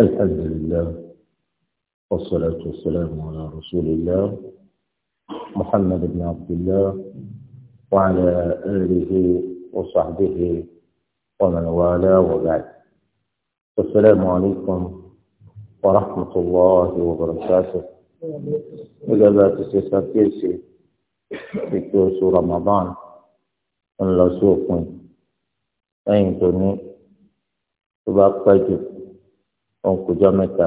الحمد لله والصلاة والسلام على رسول الله محمد بن عبد الله وعلى آله وصحبه ومن والاه وبعد السلام عليكم ورحمة الله وبركاته ذات بات السياسة في كيس رمضان أن لا سوق أين تني تبقى ọ̀nkùjọ́ mẹ́ta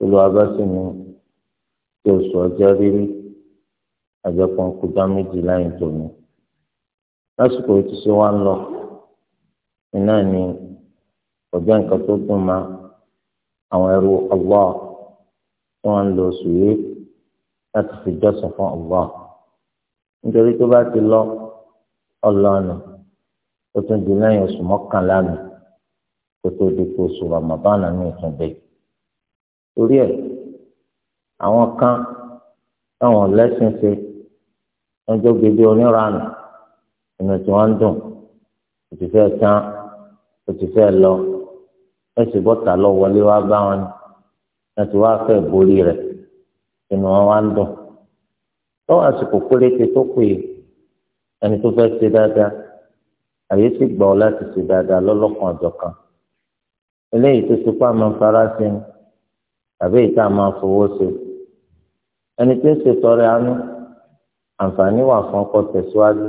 olùwàbásíní tí oṣù ọjọ́ rírí àjọpọ̀ ọ̀nkùjọ́ méjì láyìn tòun lásìkò tí ṣe wá ń lọ iná ni ọjọ́ nǹkan tó dùn ma àwọn ẹrú Allah tí wọ́n ń lo oṣù yìí láti fi jọ́sìn fún Allah nítorí tó bá ti lọ ọlọ́ọ̀nà ó tún di lẹ́yìn oṣù mọ́kànlá mi kótó dípò oṣù ramadana ní ìtúndé torí ẹ àwọn kan táwọn lẹ́sìn ṣe wọ́n jó gidi oníranù ìnà tí wọ́n ń dùn òtún fẹ́ tán òtún fẹ́ lọ ẹ̀sìn bọ́tà lọ wọlé wá bá wọn ni láti wá fẹ́ borí rẹ̀ inú wọn wá ń dùn lọ́wọ́ àsìkò péréte tó pè é ẹni tó fẹ́ ṣe dáadáa àyè sì gbọ́ láti ṣe dáadáa lọ́lọ́kan ọ̀jọ̀ kan eléyìí tó sopá máa farasin tàbí èyí tá a máa fowó ṣe ẹni tó ṣètọrẹ àánú àǹfààní wà fún ọkọ tẹ̀síwájú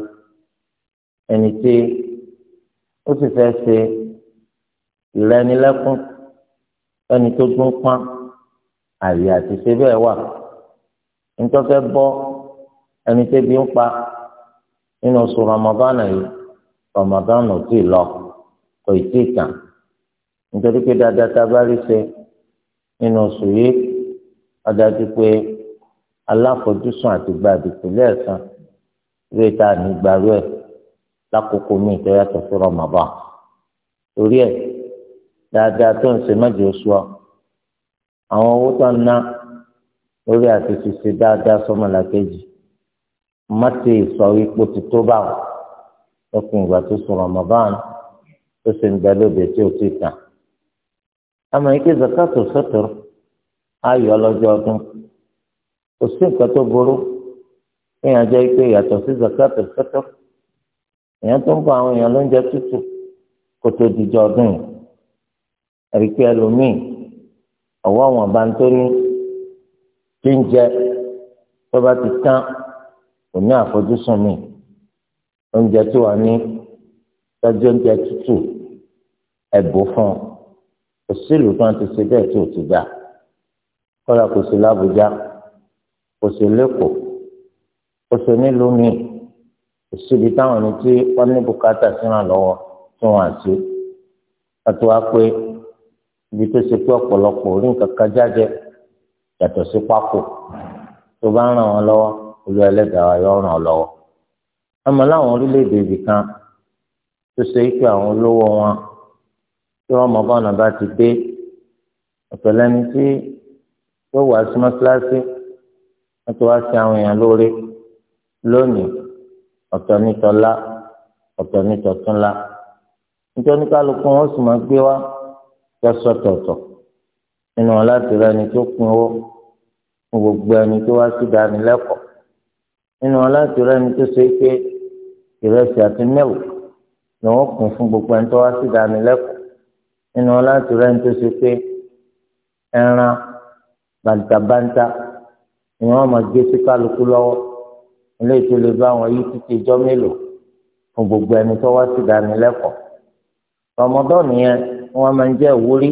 ẹni tí ó sì fẹ́ ṣe ìrẹnilẹ́kún ẹni tó gbọ́n pọ́n àyè àti ṣe bẹ́ẹ̀ wà nítọ́fẹ́ bọ́ ẹni tẹ́bi ń pa nínú oṣù Ramadan yìí Ramadan ò tí ì lọ kò ì tí ì tàn nítorí pé dáadáa tá a bá rí ṣe nínú oṣù yìí adájú pé aláfojúsùn àti gbàdìpọ̀ lẹ́ẹ̀sán ìwé tá a ní gbàrú ẹ̀ lákòókò míì tó yàtọ̀ sí rọmọba torí ẹ̀ dáadáa tó ń ṣe mẹ́jọ oṣù ọ àwọn owó tó ń ná lórí àti ṣiṣẹ́ dáadáa sọmọlàkejì má ti sọ ipò ti báwọn lọkùnrin ìgbà tó sọ rọmọba tó ṣe ń bẹ lóde tí ò ti tàn àmọ́ ke zakato sọtọrọ ayọ ọlọjọ ọdún kò sí nǹkan tó burú èèyàn jẹ́ pé yàtọ̀ sí zakato sọtọrọ èèyàn tó ń bọ àwọn èèyàn lóúnjẹ tútù kó tó dijọ ọdún yìí àbí pé ẹlòmíì ọwọ́ àwọn ọba ń tó ní tí ń jẹ tó bá ti tán kò àfojúsùn mi oúnjẹ tó wà ní tọ́jú oúnjẹ tútù ẹ̀bùn fún un kò sílùú tí wọ́n ti ṣe bẹ́ẹ̀ tí ò ti dà kọ́lá kò sí lábújá kò sí lẹ́kọ̀ọ́ kò sí nílùú mi kò síbi táwọn ẹni tí wọ́n ní bùkátà sínú àlọ́wọ́ tí wọ́n á sí wọ́n ti wá pé ibi tó ṣe pé ọ̀pọ̀lọpọ̀ orí nǹkan kan jáde yàtọ̀ sí pákó tó bá ń ràn wọ́n lọ́wọ́ olú ẹlẹ́dàá yóò ràn ọ́ lọ́wọ́ ọmọ láwọn orílẹ̀-èdè ibì tó ṣe é pé àwọn olówó wọn tí rọmọbọ́nà bá ti dé ọ̀tọ̀ lẹ́ni tí yóò wá sí mọ́sálásí wọ́n ti wá sí àwọn èèyàn lórí lónìí ọ̀tọ̀ nítọ́lá ọ̀tọ̀ nítọ̀túnlá nítorí kálukú wọn sì máa gbé wá lọ́sọ̀tọ̀ọ̀tọ̀ nínú wọn láti rẹ ẹni tó kún owó fún gbogbo ẹni tó wá sí ìdánilẹ́kọ̀ọ́ nínú wọn láti rẹ ẹni tó ṣe pé ìrẹsì àti mẹ́wù ni wọ́n kún fún gbogbo ẹni tó wá sí ìdánilẹ́kọ̀ọ́ nínú ọláńtò rẹ̀ ń tó ṣe pé ẹran bàǹtàbàǹtà ni wọ́n máa gbé sí kálukú lọ́wọ́ ilé tó lè bá wọn yí títí ijọ́ mélòó fún gbogbo ẹni tó wá sí ìdánilẹ́kọ̀ọ́ rọmọdọ́ọ̀nù yẹn wọ́n máa ń jẹ́ ìwúrí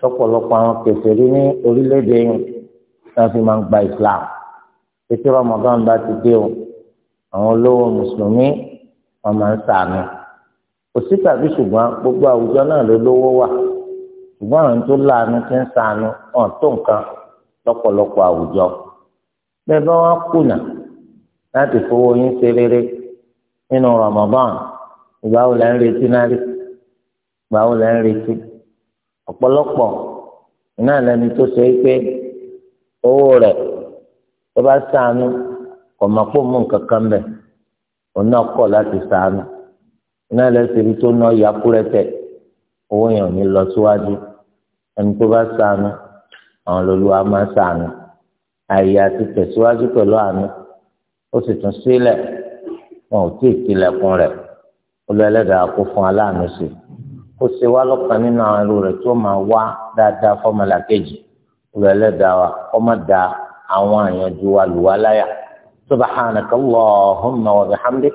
lọ́pọ̀lọpọ̀ àwọn kèfèrí ní orílẹ̀ yìí wọ́n fi máa ń gba Islam títí rọmọdọ́ọ̀nù bá ti dé o àwọn olówó mùsùlùmí wọ́n máa ń ṣàánú kò sí tàbí ṣùgbọ́n gbogbo àwùjọ náà ló lówó wà ṣùgbọ́n àwọn tó láàánú ti ń sànù hàn tó nǹkan lọ́pọ̀lọpọ̀ àwùjọ bẹ́ẹ̀ bá wọn kùnà láti fowó yín ṣe rere nínú Ramadan ìgbà wo lẹ ń retí náà rí ìgbà wo ń retí ọ̀pọ̀lọpọ̀ iná lẹni tó ṣe é pé owó rẹ̀ tó bá sànù kò mú nǹkan kan bẹ̀ òun náà kọ̀ láti sànù iná lẹ́sẹ̀ ibi tó ná yakúrẹ́tẹ̀ owó yẹn ò ní lọ síwájú ẹni tó bá sànù àwọn lolúwa máa sànù àyè àti tẹ̀síwájú pẹ̀lú àánú ó sì tún sílẹ̀ wọn ò tí ì tilẹ̀kùn rẹ̀ olú ẹlẹ́dàá kó fún aláàánú sí ó ṣe wá lọ́kàn nínú àwọn ẹrú rẹ̀ tó máa wá dáadáa fọ́mọlá kejì olú wa kọ́ má da àwọn àyànjú wa lù wá láyà subhanaka Allahumma wa bihamdik.